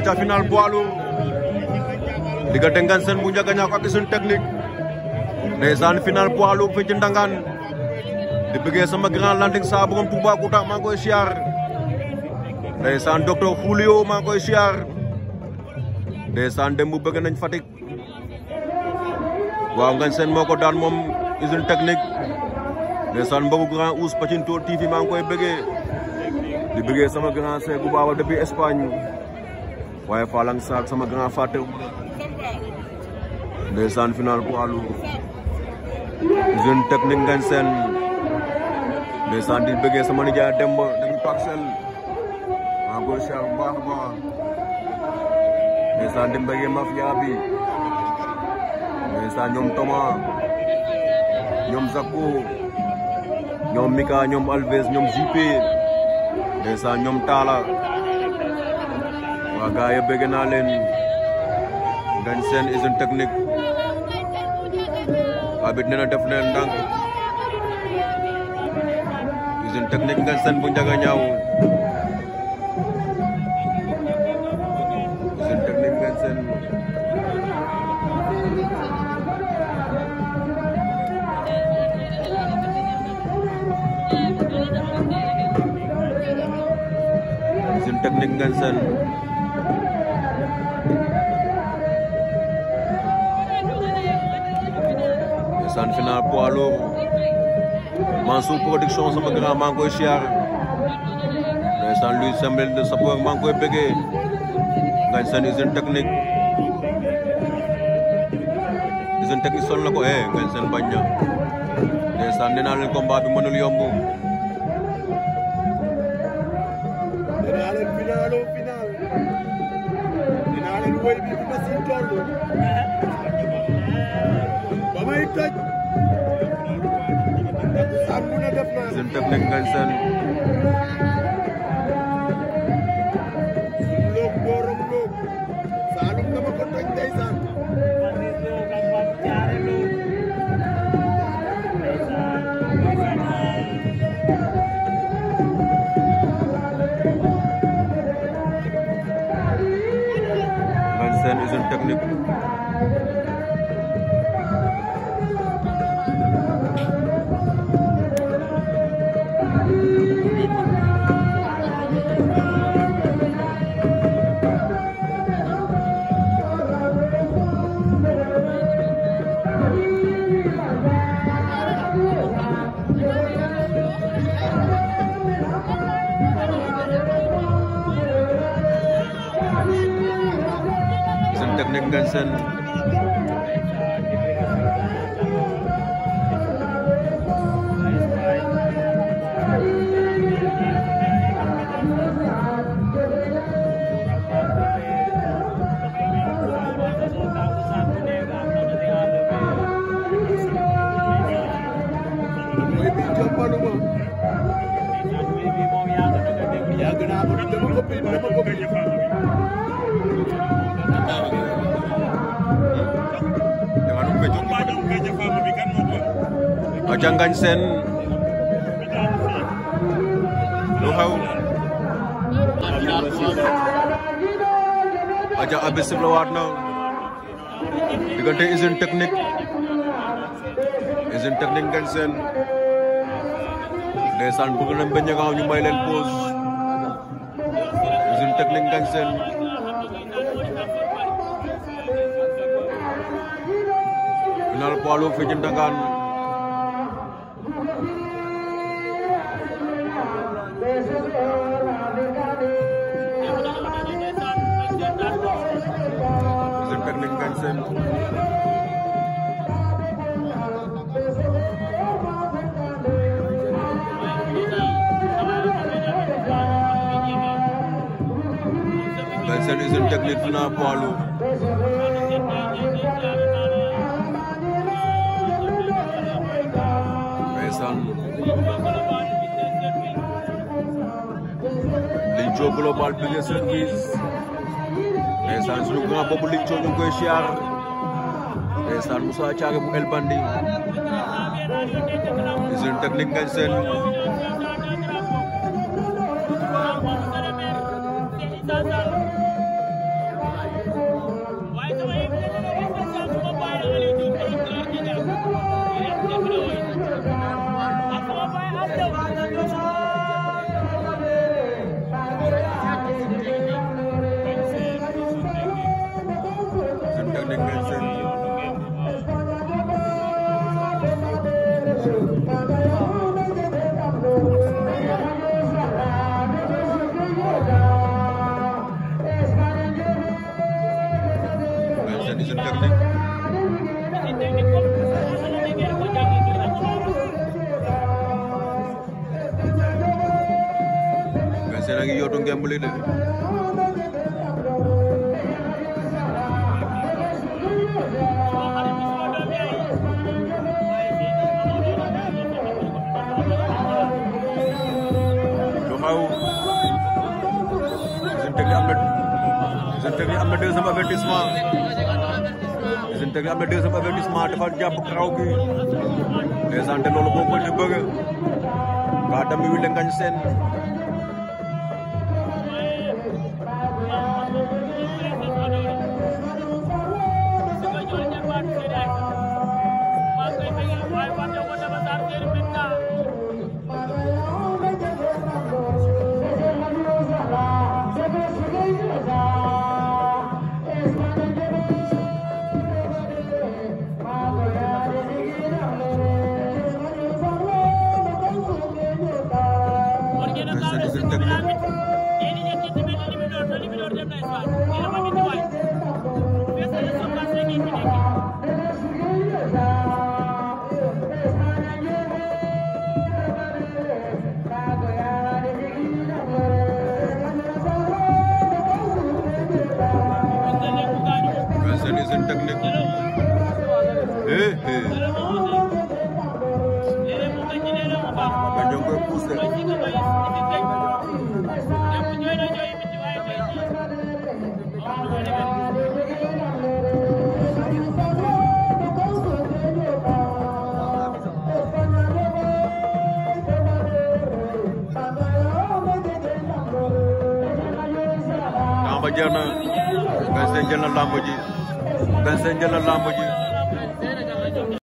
aca final boilu diggante Ngagne Sène bu Ndiaga Niakh ak Usine Technique ndeysaan final boilu fi ci di bëggee sama grand landing sa borom Toubacouta maa ngi koy siyaar ndeysaan docteur Julio maa ngi koy siyaar ndeysaan démb bëgg nañ Fatick waaw Ngagne Sène moo ko daan moom Usine Technique ndeysaan mbaru grand Ous Pacinto TV maa ngi koy bëggee di bëggee sama grand frère bu baax Espagne waaye Falang Sarr sama grand fàttew ndeysaan final poids lourd jeune technique ngañ seen ndeysaan di bëggee sama nijaay Demba depuis Parcelles maa ngi koy siyaar a di bëggee mafia bi ñoom Thomas ñoom Zakko ñoom Mika ñoom Alves ñoom JP ndeysaan ñoom taala waa gaa yi bëgg naa leen ngañ seen usine technique abit nee na def leen ndànk usine technique ngañ seen bu njaga ñaaw technique concern sanfina poalo mansu production sama grand man koy siyaar ndeysaan luy sembel de sapeur man koy bëggee ngañ seen usine technique usine technique sol na ko eh ngañ seen bañ na ndeysaan nee naa leen combat bi mënul yomb boy bi fi ma siy toll. ba may toj. sàmm na def naa. seen tëb lañ ngay seen. nigga. Gansan. Yeah, ຄྙຂສ نہیں ງ ટ ຒັ຾ິຟ�神 ha b YouTube YouTube YouTube Youtube, YouTube aca Ngagne Sène lu xew aca abi sibla waat na diggante usine technique usine technique Ngagne Sène ndeysaan bëgg nañ ba ñëgaaw ñu may leen pause usine technique Ngagne Sène final poids fi ci Ndangane Ben senin için teklifine bağlı. Meysan. Linço Global Bilgi Servis. Meysan Sülükkan Babu Linço Nyugo Eşyar. Meysan Musa Çağrı bu El Bandi. İzin teknik kansen. Meysan. Sène a ngi yootu ngemb li léegi Jomaw usine technique am na usine technique am na deuxième avertissement usine technique am na deuxième avertissement dafa jàpp karaw gi ndeysaan te loolu boo ko bëgg kaa tamit wi la ngañ seen poussé Tamba jël na Bensen jël na lamb ji Bensen jël na lamb ji